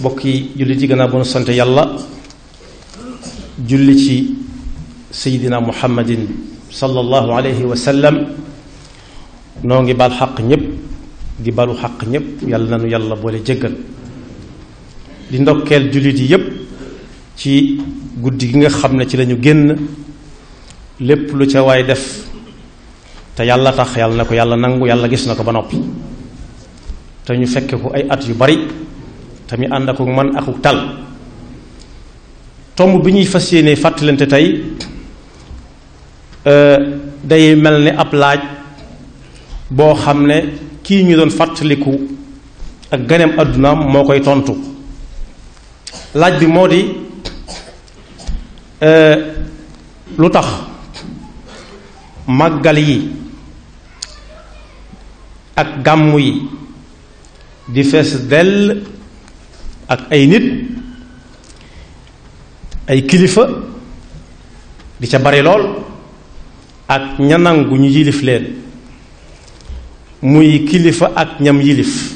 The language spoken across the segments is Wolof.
mbokk yi julli ci gannaaw bu nu yàlla julli ci seydina muhammadin sallallahu alayhi wa sallam noo ngi baal xaq ñépp di balu xaq ñépp yàlla na yàlla boole jéggal di ndokkeel jullit yi yépp ci guddi gi nga xam ne ci lañu génn lépp lu ca waay def te yàlla tax yàlla na ko yàlla nangu yàlla gis na ko ba noppi te ñu fekke ko ay at yu bari tamit ànd ak man akuk tal tomb bi ñuy fas yéene fàttalante tey euh, day mel ni ab laaj boo xam ne kii ñu doon fàttaliku ak ganeem àddunaam moo koy tontu laaj bi moo di euh, lu tax màggal yi ak gàmmu yi di fees dell ak ay nit ay kilifa di ca bari lool ak ña nangu ñu yilif leen muy kilifa ak ñam yilif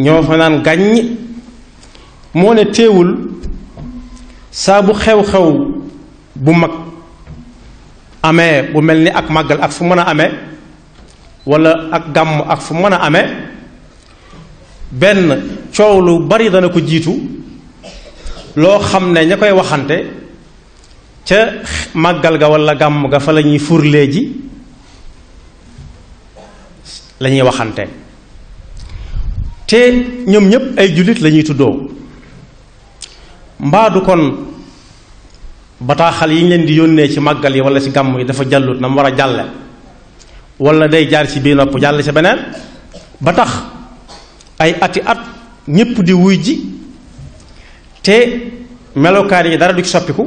ñoo fa naan gàññ moo ne teewul saa bu xew-xew bu mag amee bu mel ni ak màggal ak fu mën a ame walla ak gàmm ak fu mën a ame benn coow lu bari dana ko jiitu loo xam ne ña koy waxante ca màggal ga walla gàmm ga fa lañuy ñuy furlee ji la waxante te ñoom ñépp ay jullit lañuy ñuy tuddoo mbaadu kon bataaxal yi ñu leen di yónnee ci màggal yi walla ci gàmm yi dafa jàllut na mu war a jàlle walla day jaar ci bii nopp jàll ci beneen ba tax ay ati at ñépp di wuy ji te melokaan yi dara du ci soppiku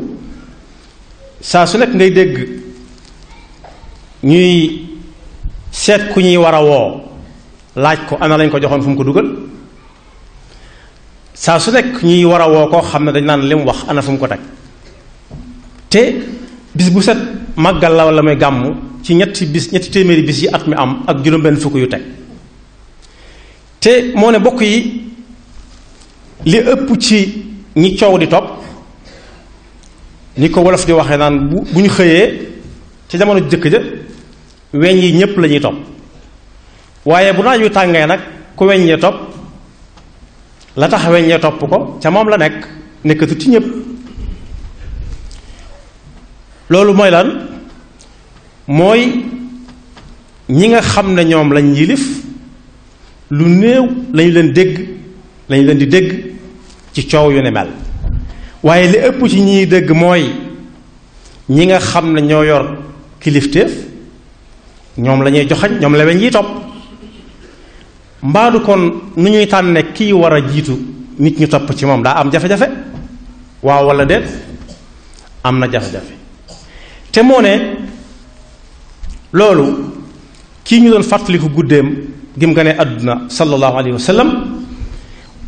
saa su nekk ngay dégg ñuy seet ku ñuy war a woo laaj ko ana lañ ko joxoon fu mu ko dugal saa su nekk ñuy war a woo koo xam ne dañ naan li mu wax ana fu mu ko teg te bis bu set màggal la wala may gàmm ci ñetti bis ñetti téeméeri bis yi at mi am ak juróom-benn fukk yu teg te moo ne bokk yi li ëpp ci ñi coow di topp li ko wolof di waxee naan bu bu ñu xëyee ci jamono jëkk ja weñ yi ñépp lañuy topp waaye bu naaj wi tàngee nag ku weñ yee topp la tax weñ yee topp ko ca moom la nekk nekkatu ci ñépp loolu mooy lan mooy ñi nga xam ne ñoom lañ yilif lu néew lañu leen dégg lañu leen di dégg ci coow yu ne mel waaye li ëpp ci ñiy dégg mooy ñi nga xam ne ñoo yor kilifteef ñoom lañuy ñuy joxañ ñoom la weñ yi topp mbaadu kon nu ñuy tànne kii war a jiitu nit ñu topp ci moom daa am jafe-jafe waaw walla déet am na jafe-jafe te moo ne loolu kii ñu doon fàttaliku guddeem gim nga ne àdduna sallallahu alayhi wa sallam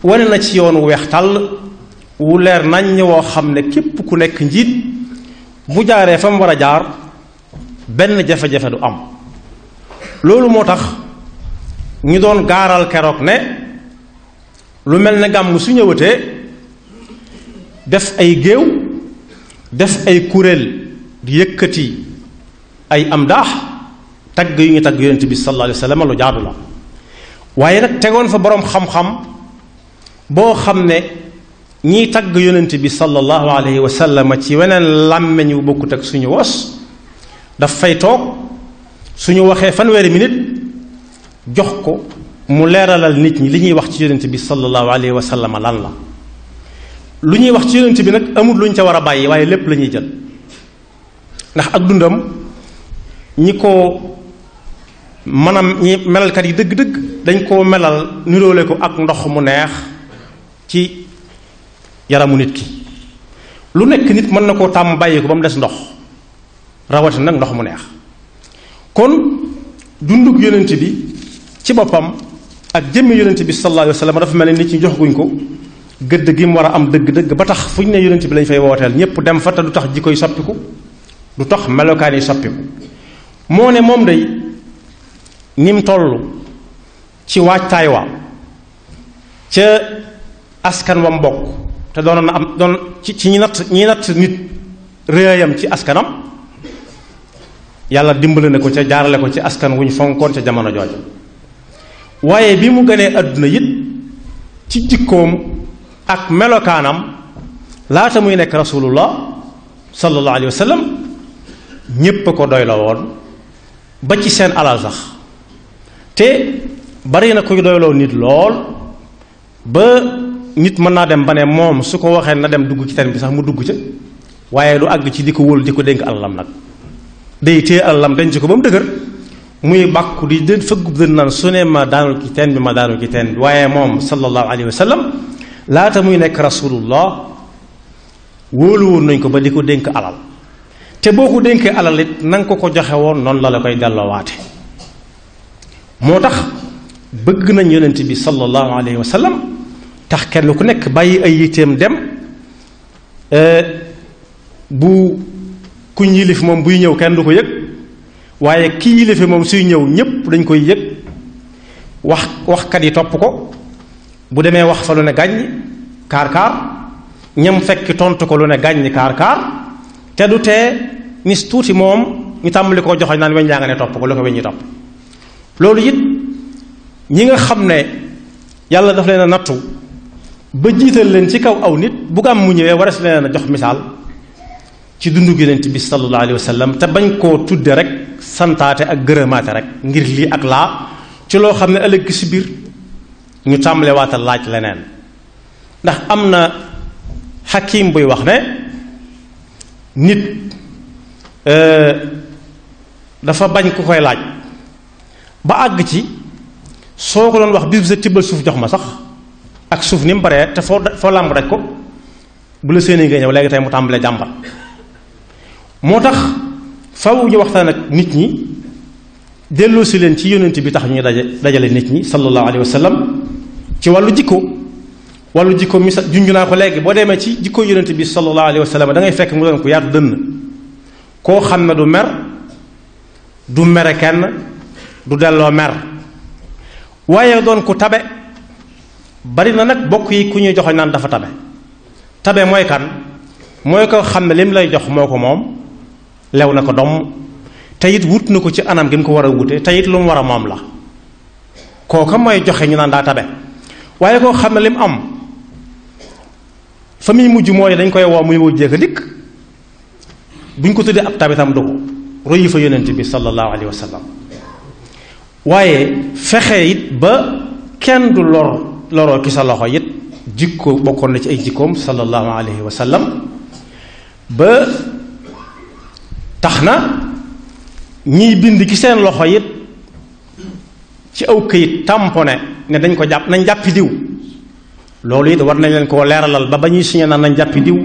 wane na ci yoon wu weex tàll wu leer naññ woo xam ne képp ku nekk njiit bu jaaree fa mu war a jaar benn jafe-jafe du am loolu moo tax ñu doon gaaral keroog ne lu mel ne gàmm su ñëwatee def ay géew def ay kuréel di yëkkati ay am daax tagg yu ñu tagg yonent bi sallallahu alayhi wa sallam lu jaadu la waaye nag tegoon fa boroom xam-xam boo xam ne ñiy tagg yonent bi sallallahu alayhi wa sallam ci weneen làmmeñ wu bokkut ak suñu wos daf fay toog suñu waxee fanweeri nit jox ko mu leeralal nit ñi li ñuy wax ci yonent bi sallallahu alayhi wa sallam lan la lu ñuy wax ci yonent bi nag amul lu ñu ca war a bàyyi waaye lépp lañuy ñuy jël ndax ak dundam ñi ko maanaam ñi melalkat yi dëgg-dëgg dañ koo melal niroole ko ak ndox mu neex ci yaramu nit ki lu nekk nit mën na koo tàmm bàyyi ko ba mu des ndox rawatina nag ndox mu neex kon dundug yonent bi ci boppam ak jëmme yonent bi sallallahu alayhi wa sallam dafa mel na nit ñi jox guñ ko gëdd gi mu war a am dëgg-dëgg ba tax fu ñu ne yonent bi lañ fay wooteel ñépp dem fa te du tax koy soppiku du tax melokaan yi soppiku moo ne moom day ni mu toll ci waajtaay wa ca askan wam bokk te doonoon na am doon ci ñi natt ñi natt nit réeyam ci askanam yàlla dimbali na ko ca jaarale ko ci askan wu ñu fonkoon ca jamono jooju waaye bi mu gënee àdduna it ci jikkoom ak melokaanam laata muy nekk rasulullah sallallahu alayhi wa sallam ko doy la woon ba ci seen alal sax te bari na kuy doyloo nit lool ba nit mën naa dem ba ne moom su ko waxee na dem dugg ci teen bi sax mu dugg ca waaye du àgg ci di ko wóolu di ko dénk alalam nag day téye alalam denc ko ba mu dëgër muy bàkku di dën fëggu dën su ne ma daanul ci teen bi ma daanul ci teen bi waaye moom sallallahu alayhi wa sallam laata muy nekk rasulullah wóolu woon nañ ko ba di ko dénk alal te boo ko dénkee alal it na ko ko joxe woon noonu la la koy delloowaate moo tax bëgg nañ yonent bi sallallahu alayhi wa tax kenn ku nekk bàyyi ay yitteem dem euh, bu kuñ ku yilif moom buy ñëw kenn du ko yëg waaye ki yilife moom suy ñëw ñépp dañ koy yëg wax waxkat yi topp ko bu demee wax fa lu ne gàññ kaar-kaar ñam fekk tontu ko lu ne gàññ kaar-kaar te du tee nis tuuti moom ñu tàmbali koo joxoñ naan weñ yaa nga ne topp ko lu ko weñ ñi topp loolu it ñi nga xam ne yàlla daf leen a nattu ba jiital leen ci kaw aw nit bu gàmm mu ñëwee waras leen a jox misaal ci dundu gi leen ci bi sallallahu alayhi wa sallam te bañ koo tuddee rek santaate ak gërëmaate rek ngir lii ak laa ci loo xam ne ëllëg si biir ñu tàmbale laaj leneen ndax am na xakim buy wax ne nit euh, dafa bañ ku koy laaj ba àgg ci soo ko doon wax biir sa tibbal suuf jox ma sax ak suuf ni mu baree te foo foo làmb daj ko bu la séenée nga ñëw léegi tey mu tàmbalee jàmbat moo tax faw ñu waxtaan ak nit ñi delloo si leen ci yonent bi tax ñu daje dajale nit ñi sallallahu alayhi wa ci wàllu jikko wàllu jikko misa junju naa ko léegi boo demee ci jikko yonent bi sallallahu alayhi wa sallam da ngay fekk mu doon ko yaatu dënn koo xam na du mer du mere kenn du delloo mer waaye doon ku tabe bari na nag bokk yi ku ñuy joxoñ naan dafa tabe tabe mooy kan mooy ko xam ne lim lay jox moo ko moom lew na ko domm te it wut na ko ci anam gi mu ko war a wute te it lu mu war a moom la kooka mooy joxe ñu naan daa tabe waaye koo xam ne lim am fa muy mujj mooy dañ koy woo muy wujjee ko dikk buñ ko tuddee ab tabitam du ko royu fa yonent bi sallallahu alayhi wa waaye fexe it ba kenn du lor loroo ki sa loxo it jikko bokkoon na ci ay jikkoom sallallahu alayhi wa sallam ba tax na ñiy bind ci seen loxo it ci aw këyit tamponné ne dañ ko jàpp nañ jàppi diw loolu it war nañ leen koo leeralal ba ba ñuy signé naan nañ jàppi diw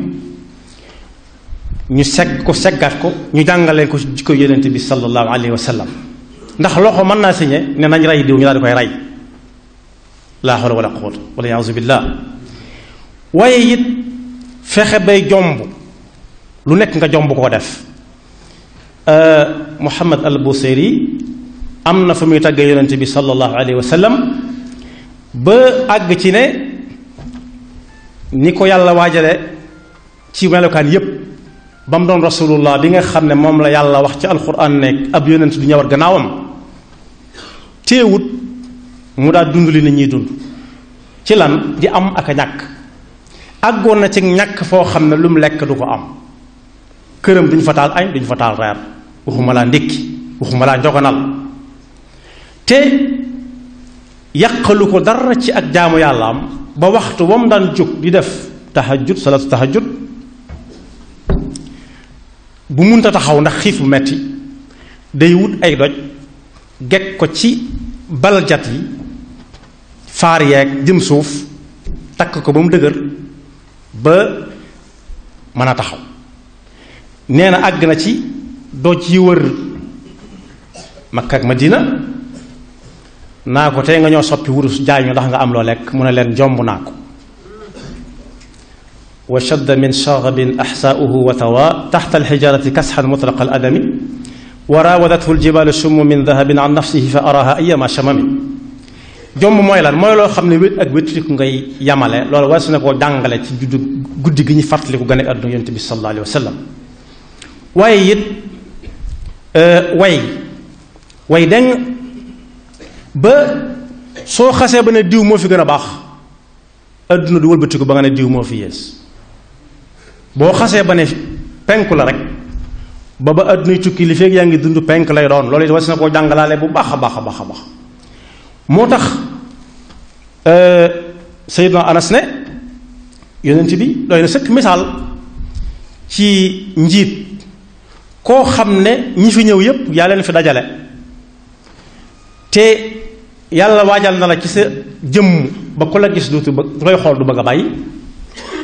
ñu segg ko seggaat ko ñu jàngaleen ko ci jikko yonent bi sallallahu alayhi wa sallam ndax loxo mën naa signé ne nañ rey diw ñu daal di koy rey laa xawla wala quwwata wala yaasu billah waaye it fexe bay jomb lu nekk nga jomb koo def euh, Muhammad al Busiri am na fa muy tàggee yonente bi sallallahu alayhi wa sallam ba àgg ci ne ni ko yàlla waajale ci melokaan yépp ba mu doon rasulullah bi nga xam ne moom la yàlla wax ci alquran nekk ab yonent du ñëwaat gannaawam téewut mu daa dund li na ñuy dund ci lan di am ak a ñàkk àggoon na ci ñàkk foo xam ne lu mu lekk du ko am këram duñ fa taal añ duñ fa taal reer waxuma laa ndékki waxuma laa njoganal te yàqalu ko dara ci ak jaamu yàlla am ba waxtu wam daan jóg di def tahajjud salatu tahajjud bu munta taxaw ndax xiif bu metti day wut ay doj geg ko ci baljat yi faar yeeg jëm suuf takk ko ba mu dëgër ba mën a taxaw nee na àgg na ci doj yi wër Makka ak Madina naa ko tey nga ñoo soppi wurus jaay ñu ndax nga am loo lekk mu ne leen jomb naa ko wa shadda min shaghabin axsaauhu wa tawa taxta alxijarati kasxan mutlaq al adami wa raawadathu ljibaalu summu min dahabin an nafsihi fa araha ayama shamamin jomb mooy lan mooy loo xam ne wét ak wétliku ngay yamale loolu war su ne koo jàngale ci juddu guddi gi ñu fàttaliku gane àdduna yonent bi sallallahu alayhi wa sallam waaye it euh, way ba soo xasee ba ne diw moo fi gën a baax àdduna du wëlbatiku ba nga ne diw moo fi yées boo xasee ba ne penku la rek ba ba àddunay tukki li yaa ngi dund penk lay doon loolu it was na koo jàngalaale bu baax a baax a baax a baax moo tax euh, Seydina Anas ne yonent bi doy na sëkk misaal ci njiit koo xam ne ñi fi ñëw yépp yaa leen fi dajale te yàlla waajal na la ci sa jëmm ba ku la gis dootu ba ku koy xool du bëgg a bàyyi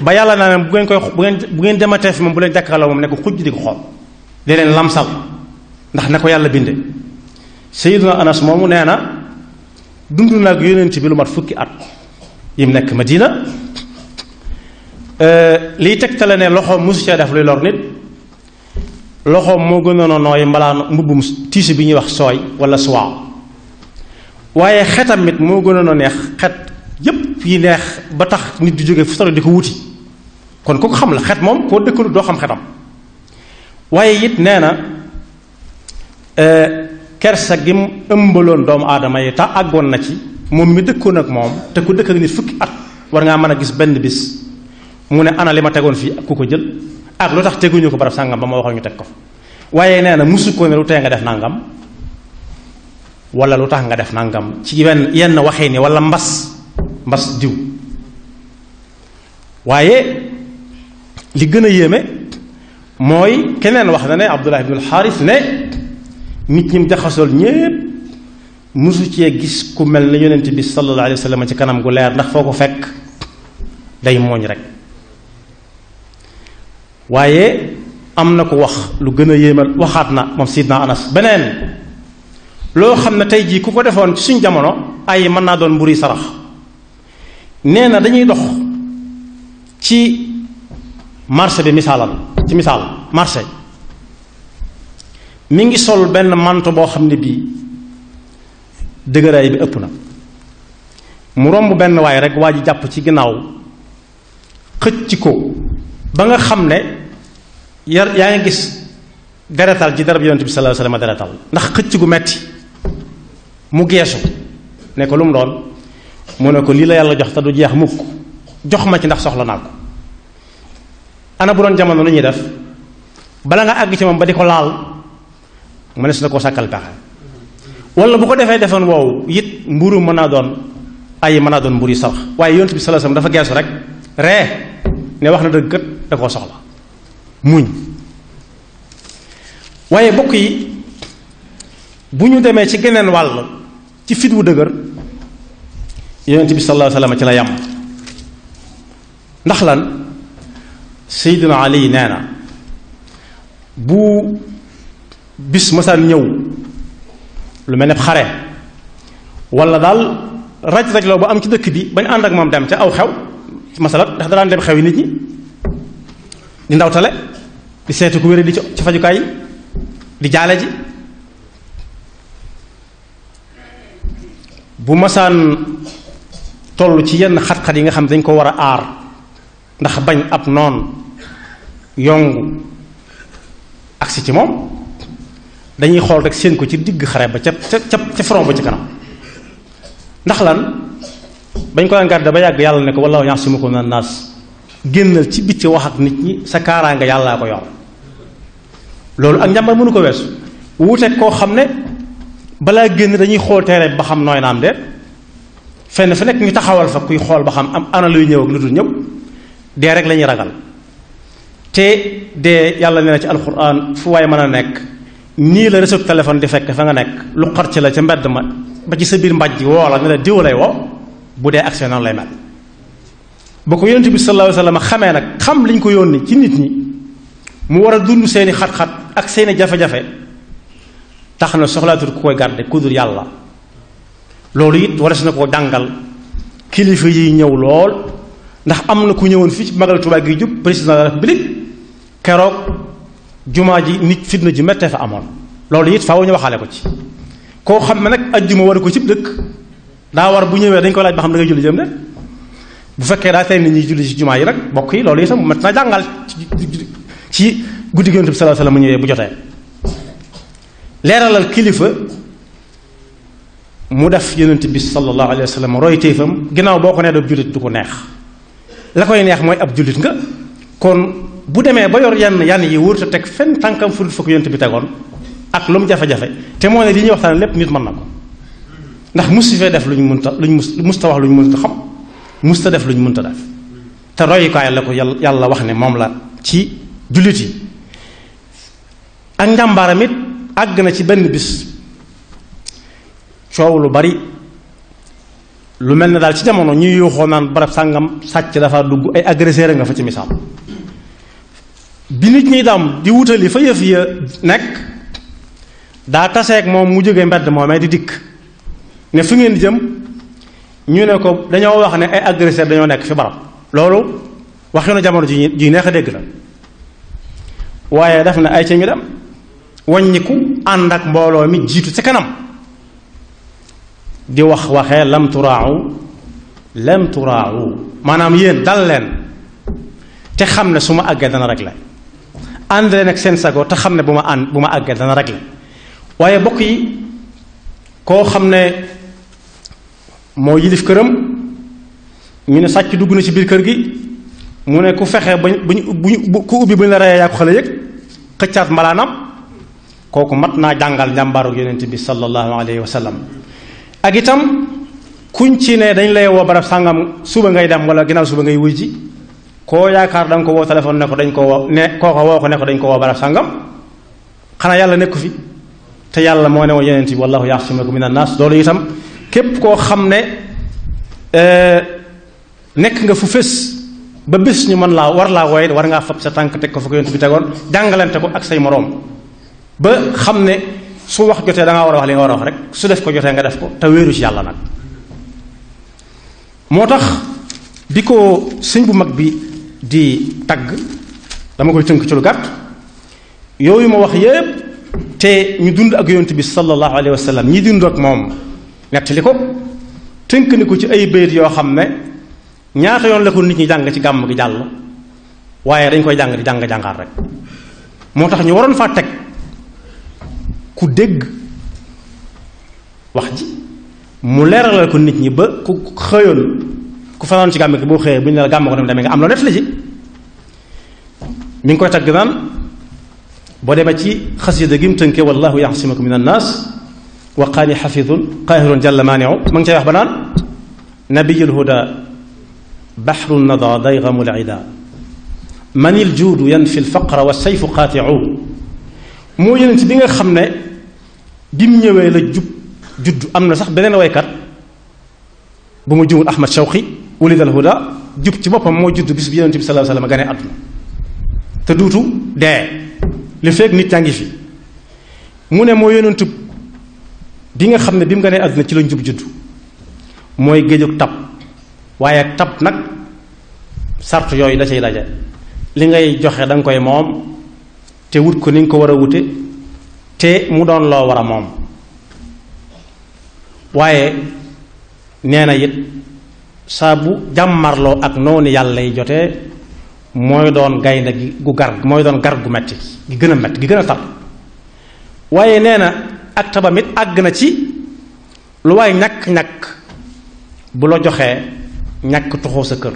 ba yàlla naa ne bu ngeen koy bu ngeen bu ngeen dematee fi moom bu leen jàkkaarloo moom nekk xujj di ko xool di leen lamsal ndax na ko yàlla binde sayiduna anas moomu nee na dund na ak yonent bi lu mat fukki at yim nekk ma madina euh, liy tegtale ne loxoom mosu cee def luy lor nit loxoom moo gënoon a nooy mbalaan mbubbum tiisu bi ñuy wax sooy wala suwaaw waaye xetam it moo gënoon a neex xet yépp yi neex ba tax nit di jóge fu solo di ko wuti kon ku xam la xet moom koo dëkkalu doo xam xetam waaye it nee na e, kersa gi mu ëmbaloon doomu aadama yi ta àggoon na ci moom mi dëkkoon ak moom te ku dëkk ak nit fukki at war ngaa mën a gis benn bis mu ne ana li ma tegoon fii ku ko jël ak lu tax teguñu ko barab sàngam ba ma waxoon ñu teg ko waaye nee na musu ko ne lu tee nga def nangam wala lu tax nga def nangam ci yenn yenn waxee ni wala mbas mbas diw waaye li gën a yéeme mooy keneen wax na ne Abdullah ibn al-Xaaris ne nit ñi mu jaxasool ñépp mosu cee gis ku mel ne yonent bi sallallahu alayhi wa sallam ci kanam gu leer ndax foo ko fekk day mooñ rek waaye am na ko wax lu gën a yéemal waxaat na moom sidna Anas beneen loo xam ne tey jii ku ko defoon ci suñ jamono ay mën naa doon mburu sarax nee na dañuy dox ci marché bi misaalal ci misaal marché mi ngi sol benn manto boo xam ne bii dëgëraay bi ëpp na mu romb benn waay rek waa ji jàpp ci ginnaaw xëcc ko ba nga xam ne yar yaa ngi gis deretal ji darab yonent bi sallallahu alayhi wasallam deretal ndax xëcc gu metti mu geesu ne ko lu mu doon mu ne ko lii la yàlla jox te du jeex mukk jox ma ci ndax soxla naa ko ana bu doon jamono lu ñuy def bala nga àgg ci moom ba di ko laal ma ne su koo sàkkal pexe wala bu ko defee defoon woowu it mburu mën naa doon ay mën naa doon mburu yu sax waaye yonent bi sallallahu alayhi dafa geesu rek ree ne wax na dëgg kët da koo soxla muñ waaye bokk yi bu ñu demee ci geneen wàll ci fit wu dëgër yonent bi sallallahu alayhi ci la yàmm ndax lan Seydina Ali nee na bu bis masaan ñëw lu mel ne xare wala daal raj-raj loo ba am ci dëkk bi bañ ànd ak moom dem ca aw xew masalan ndax da daan dem xew yi nit ñi di ndawtale di seetu ku wéré di ci fajukaay yi di jaale ji bu masaan toll ci yenn xat-xat yi nga xam dañ ko war a aar ndax bañ ab noon yongu agsi ci moom dañuy xool rek seen ko ci digg xare ba ca ca ca front ba ci kanam ndax lan bañ ko daan garde ba yàgg yàlla ne ko wallaahu ya'simuka mina naas ci bitti wax ak nit ñi sa kaaraanga yàllaa ko yor loolu ak njàmbar mënu ko weesu wuuteeg koo xam ne balaa génn dañuy xool teere ba xam nooy naam de fenn fi nekk ñu taxawal fa kuy xool ba xam am ana luy ñëw lu dul ñëw dee rek la ragal. te de yàlla nee na ci alxuraan fu waay mën a nekk nii la réseau téléphone di fekk fa nga nekk lu xar ci la ca mbedd ma ba ci sa biir mbàjj woo la ne la diw lay woo bu dee action noonu lay mel ba ko yonent bi sallallahu xamee nag xam liñ ko yónni ci nit ñi mu war a dund seeni xat-xat ak seeni jafe-jafe tax na soxlaatul ku koy garde ku dul yàlla loolu it waras na koo dàngal kilifa yi ñëw lool ndax am na ku ñëwoon fii ci magal Tuubaa gi jub président de la République keroog jumaa ji nit fitna ji méttee fa amoon loolu it fa ñu ko ci koo xam ne nag juma war ko cib dëkk daa war bu ñëwee dañ ko laaj ba xam da ngay julli jëm ne bu fekkee jumaa yi nag bokk yi loolu itam mét na jàngal ci guddi Yonent bi sallallahu alayhi wa sallam ñëwee bu jotee leeralal kilifa mu def Yonent bi sallallahu alayhi wa sallam roy téefam ginnaaw boo ko nee doo jullit du ko neex la koy neex mooy ab jullit nga kon bu demee ba yor yan yan yi wóor teg fenn tànkam furut fa ko yonent bi tegoon ak lu mu jafe-jafe te moo ne li ñuy waxtaan lépp nit mën na ko ndax musu def lu ñu mënta lu ñu musta wax lu ñu mënta xam mus def lu ñu mënta def te royukaay la ko yàlla yàlla wax ne moom la ci jullit yi ak njàmbaaram it àgg na ci benn bis coow lu bari lu mel ne daal ci jamono ñuy yuuxoo naan barab sàngam sàcc dafa dugg ay agresseur nga fa ci misaal bi nit ñi tam di wutali fa yëf ya nekk daa taseeg moom mu jóge mbedd moomee di dikk ne fi ngeen jëm ñu ne ko dañoo wax ne ay agresseur dañoo nekk fi barab loolu wax yoonu jamono ji ji neex a dégg la waaye def na ay ca ñu dem waññiku ànd ak mbooloo mi jiitu ci kanam di wax waxee lam turaawu lam turaawu maanaam yéen dal leen te xam ne su ma àggee dana rek la ànd leen ak seen sago te xam ne bu ma ànd bu ma àggee dana réglé waaye bokk yi koo xam ne moo yilif këram ñu ne sàcc dugg na ci biir kër gi mu ne ku fexe ba buñu buñu ku ubbi bu ñu la reyee yaa ko xale yëg xëccaat mbalaanam kooku mat naa jàngal njàmbaaru yonent bi sallallahu alayhi wa sallam ak itam kuñ ci ne dañ lay woo barab sàngam suba ngay dem wala ginnaaw suba ngay wuy ji koo yaakaar danga ko woo téléphone ne ko dañ ko woo ne kooko woo ko ne ko dañ ko woo barab sàngam xanaa yàlla nekk fi te yàlla moo ne woon yeneen bi wallahu yaxsimakum min annaas loolu itam képp koo xam ne euh, nekk nga fu fés ba bés ñu mën laa war laa wooye war ngaa fab sa tànk teg ko fu ko yonent bi tegoon jàngalante ko ak say moroom ba xam ne su wax jotee da war a wax li nga war a wax rek su def ko jotee nga def ko te wéeru ci yàlla nag moo tax bi ko bu mag bi di tagg dama koy tënk ci lu gàtt yooyu ma wax yépp te ñu dund ak yonent bi sallallahu alayhi wa sallam ñi dund ak moom nettali ko tënk ni ko ci ay bayit yoo xam ne ñaata yoon la ko nit ñi jàng ci gàmm gi jàll waaye dañ koy jàng di jàng jàngaat rek moo tax ñu waroon faa teg ku dégg wax ji mu leeralal ko nit ñi ba ku xëyoon ku fanaan ci gàmm gi boo xëyee bu ñu ne la gàmm ko nga am loo nett li ci mi ngi koy tagg naan boo demee ci xasida gi mu tënkee wallahu yaxsimaku min annaas wa qaani xafidun qaahirun jalla maaniu ma ngi cay wax ba naan nabiyul huda baxru nada daygamu lida man il juudu yanfi lfaqra wa sayfu qaatiu moo yonent bi nga xam ne bi mu la jub juddu am na sax beneen waykat bu ma jumul Ahmad Shawqi wulidal huda jub ci boppam moo judd bis bi yonent bi sallallahu alayhi wa sallam gane àdduna te duutu dee li fekk nit ñaa ngi fi mu ne moo tub bi nga xam ne bi mu gane àdduna ci la njub judd mooy géejug tab waaye tab nag sart yooyu da cay daje li ngay joxe danga koy moom te wut ko ni nga ko war a wute te mu doon loo war a moom waaye nee na it saa bu jàmmarloo ak noonu yàlla yi jotee mooy doon gaynde gi gu gar mooy doon gar gu metti gi gën a metti gi gën a tar waaye nee na ak tabamit àgg na ci lu waay ñàkk-ñàkk bu la joxee ñàkk tuxoo sa kër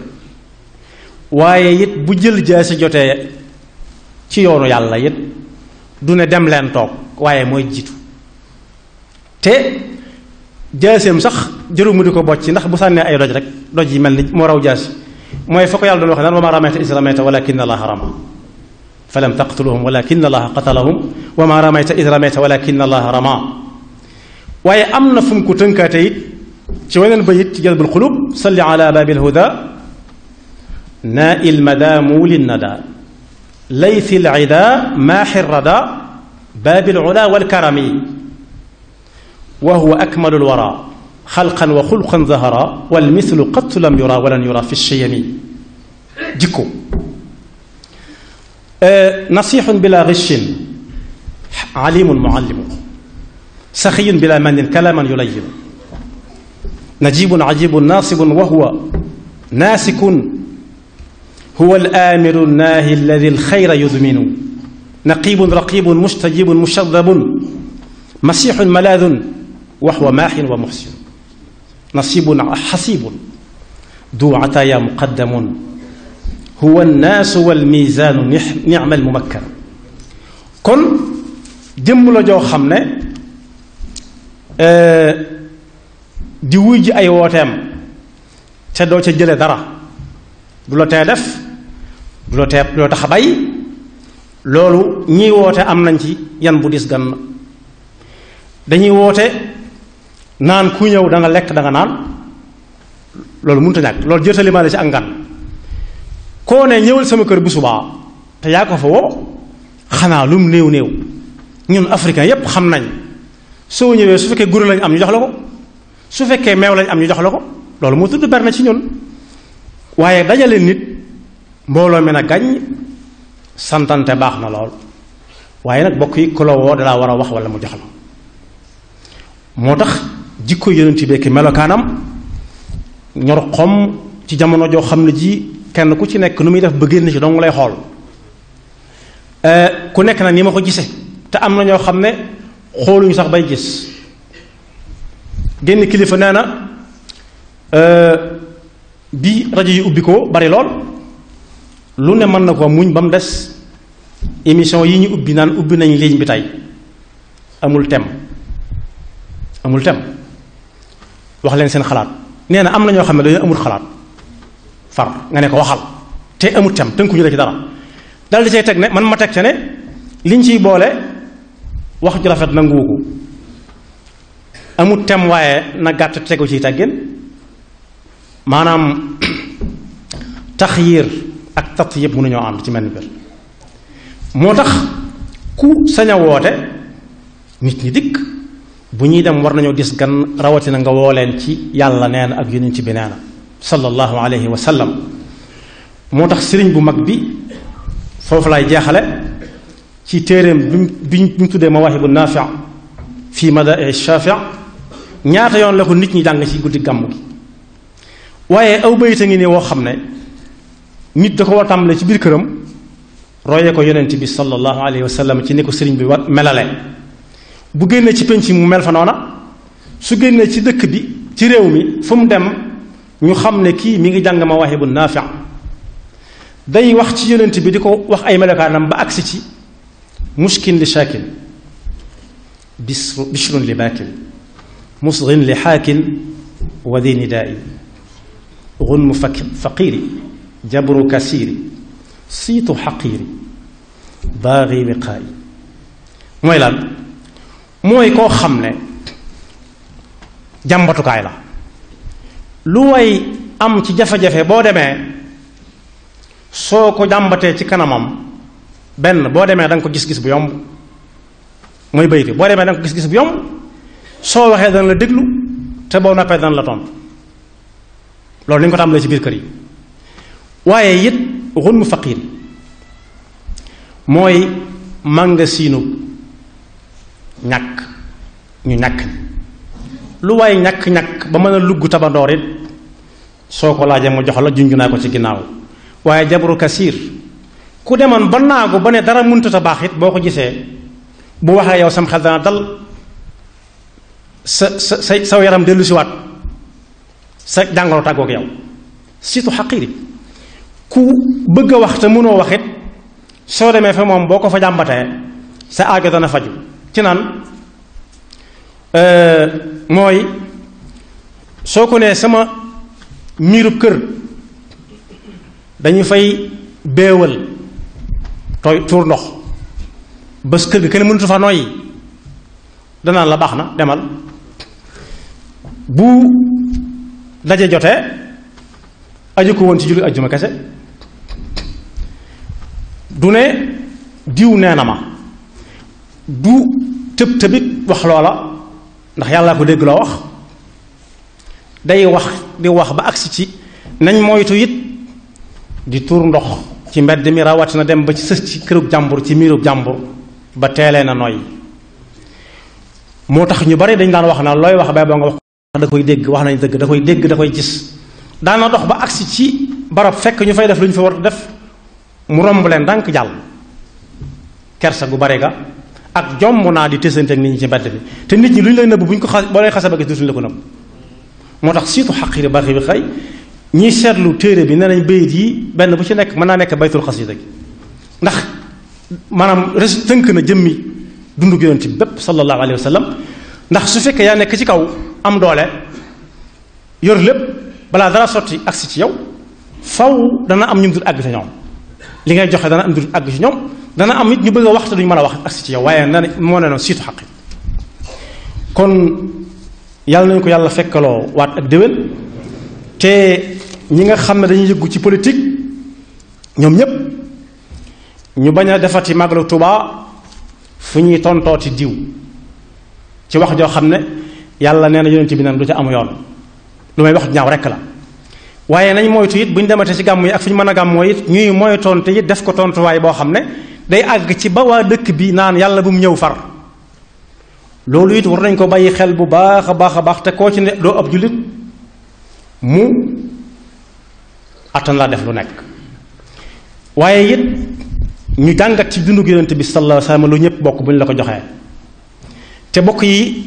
waaye it bu jël jaay sa jotee ci yoonu yàlla it du ne dem leen toog waaye mooy jiitu te jaaseem sax jëru mu di ko bocc ndax bu sànnee ay doj rek doj yi mel ni moo raw jaasi mooy fa ko yàlla doon wax naan wa ma ramayta is ramayta walakin allaha rama fa lam taqtuluhum walakin allaha qatalahum wa ma ramayta is ramayta walakin allaha rama waaye am na fu mu ko tënkaate it ci weneen bayit ci jalbul xulub salli ala babil huda naa il madaamu linnada laysi al ida maaxi rada babil ula walkarami wa huwa akmalul wara xalqan wa xulqan zahara wal mislu qattu lam yura walan yura fi shiyami jikko nasixun bila gishin alimun muallimu saxiyun bila manin kalaman yulayin najibun ajibun naasibun wa huwa naasikun huwa alaamiru naahi alladi alxayra yudminu naqibun raqibun mustajibun mushadabun masixun malaadun wax wa maaxin wa muxsin nasibun xasibun du ataaya muqaddamun huwa annaasu walmiisaanu nicma almumakkan kon jëmm la joo xam ne di wuy ji ay wooteem te doo ca jële dara du la tee def du la tee du la tax a bay loolu ñiy woote am nañ ci yan bu dis gan dañuy woote naan ku ñëw danga lekk da nga naan loolu mënut a ñàkk loolu jërtalimaa la ak ngan koo ne ñëwal sama kër bu subaa te yaa ko fa woo xanaa lum néew néew ñun africain yépp xam nañ soo ñëwee su fekkee guro lañ am ñu jox la ko su fekkee meew lañ am ñu jox la ko loolu moo tudd berne ci ñun waaye dajale nit mbooloo mi na gañ santante baax na lool waaye nag bokk yi ku la woo dalaa war a wax wala mu jox la moo tax jikko yonent bi ak melokaanam ñor xom ci jamono joo xam ne ji kenn ku ci nekk nu muy def ba génn ci dong lay xool eh, ku nekk nag ni ma ko gise te am na ñoo xam ne xooluñu sax bay gis génn kilifa nee na eh, bi rajo yi ubbi ko bari lool lu ne mën na ko muñ ba mu des émission yi ñu ubbi naan ubbi nañ ligne bi tey amul tem amul tem wax leen seen xalaat nee na am na ñoo xam ne dañoo amul xalaat far nga ne ko waxal te amul tem tënkuñu la ci dara dal di cay teg ne man ma teg ca ne liñ ciy boole wax ju rafet nanguwu ko amul tem waaye na gàtt tegu ciy tàggin maanaam taxyiir ak tat yëpp mënuñoo ànd ci mel ni biir moo tax ku sañ a woote nit ñi dikk bu ñuy dem war nañoo gis gan rawatina nga woo ci yàlla nee na ak yonent bi nee na sallallahu alayhi wa sallam moo tax sëriñ bu mag bi foofu lay jeexale ci téeréem bi mu bi mu tuddee mawaahibu naafi fii madaa'i shaafi ñaata yoon la ko nit ñi dàng ci guddi gàmm gi waaye aw bayit a ngi ne woo xam ne nit da ko war a ci biir këram royee ko yonent bi sallallahu alayhi wa ci ni ko sëriñ bi war melale bu génnee ci penc mu mel fa noona su génnee ci dëkk bi ci réew mi fu mu dem ñu xam ne kii mi ngi jàng mawaahibu naafi day wax ci yonent bi di ko wax ay melokaanam ba aksi ci muskin li shaakin bishrun li baakin musrin li xaakin wa di nidaai gunmu faqiiri jabru kasiiri siitu xaqiiri baagi wiqaayi mooy lan mooy koo xam ne jàmbatukaay la lu way am ci jafe-jafe boo demee soo ko jàmbatee ci kanamam benn boo demee da ko gis-gis bu yomb mooy bayti boo demee da ko gis-gis bu yomb soo waxee dana la déglu te boo noppee dana la tontu loolu ni ñu ko tàmbalee ci biir kër yi waaye it xun mu faqiir mooy mànga siinu ñàkk ñu ñàkk lu waaye ñàkk-ñàkk ba mën a lugg tabandoor it soo ko laajee ma jox la junj naa ko ci ginnaaw waaye jabru kasiir ku demoon ba naagu ba ne dara mënut a baax it boo ko gisee bu waxee yow sam xel dana dal sa sa sa saw yaram dellu siwaat sa jàngoro tàggoog yow surtout xaqiiri ku bëgg a wax te mënoo waxit soo demee fa moom boo ko fa jàmbatee sa aajo dana faju ci naan euh, mooy soo ko nee sama miirub kër dañu fay beewal tooy tuur ndox bés kër gi kenn mënutu fa nooyi danaan la baax na demal bu daje jotee aju ko woon ci julli ajjuma kese du ne diw nee na ma du tëb tëbit wax loola ndax yàllaa ko dégg la wax day wax di wax ba agsi ci nañ moytu it di tuur ndox ci mbedd mi rawatina dem ba ci sës ci kërug jàmbur ci miirug jàmbur ba teelee na noy moo tax ñu bari dañ daan wax na looy wax bay boo nga wax da koy dégg wax nañ dëgg da koy dégg da koy gis daana dox ba agsi ci barab fekk ñu fay def lu ñu fa war def mu romb leen ndànk jàll kersa gu bare ga ak jomb naa di tësante ak nit ñi ci mbedd bi te nit ñi lu ñu lay nëbb bu ñu ko xas boo lay xasee ba gis dutuñu la ko nëbb moo tax surtout xaqiri baaxi bi xëy ñii seetlu téere bi nee nañ bayit yi benn bu ci nekk mën naa nekk baytul xasida gi ndax maanaam res tënk na jëmmi dundu gi yonent bépp sallallahu alayhi wa sallam ndax su fekkee yaa nekk ci kaw am doole yor lépp balaa dara sotti agsi ci yow faw dana am ñu dul àgg ci ñoom li ngay joxe dana am dul ñoom dana am it ñu bëgg a wax te duñu mën a wax agsi ci yow waaye na moo ne noon siitu xaqi kon yàlla nañu ko yàlla fekkaloo waat ak déwén te ñi nga xam ne dañuy yëggu ci politik ñoom ñépp ñu bañ a defati màggalu Tuubaa fu ñuy tontooti diw ci wax joo xam ne yàlla nee na yonent bi naan du ca am yoon lu may wax ñaaw rekk la waaye nañ moytu it bu ñu dematee ci gàmm yi ak fu ñu mën a gàmmoo it ñuy te it def ko tontuwaay boo xam ne day àgg ci ba waa dëkk bi naan yàlla bu mu ñëw far loolu it war nañ ko bàyyi xel bu baax a baax a baax te koo ci ne doo ab jullit mu attan laa def lu nekk waaye it ñu jàngat ci dundu yonent bi sallallahu lu ñëpp bokk bu ñu la ko joxee te bokk yi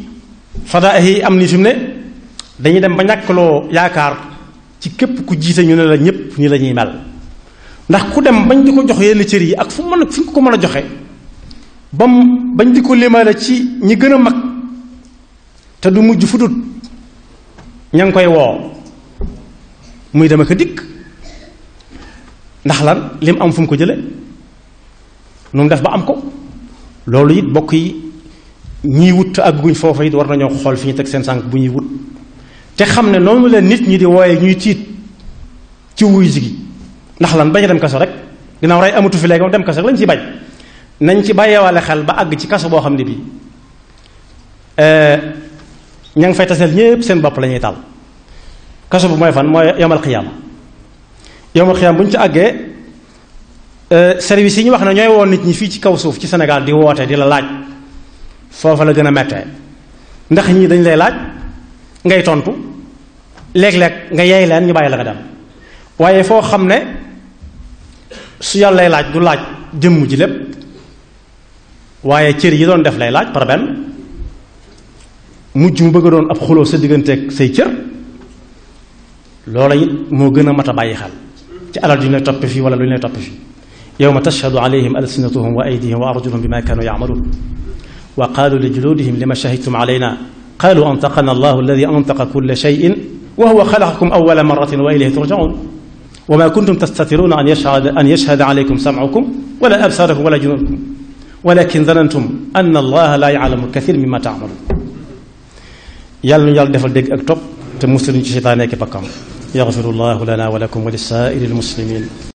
fadaa yi am ni su ne dañuy dem ba ñàkkloo yaakaar ci képp ku jiite ñu ne la ñëpp nii la ñuy mel ndax ku dem bañ di ko jox yenn cër yi ak fu mën fu ñu ko mën a joxe ba bañ di ko limaale ci ñi gën a mag te du mujj futut ña ngi koy woo muy dem ak dikk ndax lan lim am fu mu ko jële nu mu def ba am ko loolu yit bokk yi ñuy wut ak àgguñ foofa it war nañoo xool fi ñu teg seen sànq bu ñuy wut te xam ne noonu leen nit ñi di wooye ñuy tiit ci wuy jigi ndax lan bañ a dem kaso rek ginnaaw rey amatu fi léegi moom dem kaso rek lañ ci bañ nañ ci bàyyeewale xel ba àgg ci kaso boo xam ne bii eh, ña ngi fay taseel ñépp seen bopp lañuy ñuy kaso bu mooy fan mooy yomal xiyaama yomal xiyaama bu ñu ci àggee eh, service yi ñu wax ne ñooy woon nit ñi fii ci kaw suuf ci Sénégal di wootee di la laaj foofu la gën a mettee ndax ñi dañ lay laaj ngay tontu léeg-léeg nga yeey leen ñu bàyyi la nga dem waaye foo xam ne su yàllay laaj du laaj jëmm ji lépp waaye cër yi doon def lay laaj par benn mujj mu bëgg doon ab xuloo sa digganteeg say cër loola it moo gën a a bàyyi xel ci alal ju ne topp fii wala lu ne topp fii yawma tashhadu alayhim alsinatuhum wa aydihim wa arjuluhum bima kaanu ya'maluun wa qaalu li juluudihim lima shahidtum alayna qaalu antaqana allahu alladi antaqa kulla shay'in wa huwa wa ma kuntum tastatiruuna an yashhad an yashhada aleykum samcukum wala absaarukum wala junuudukum walakin zanantum anna allaha laa yaalamu kathir mimma taamaluun yàlla ñu yàlla defal dégg ak topp te musal ñu ci seytaane ak bakkam yaxfirullahu lana wa lakum wa lisaa'iril muslimin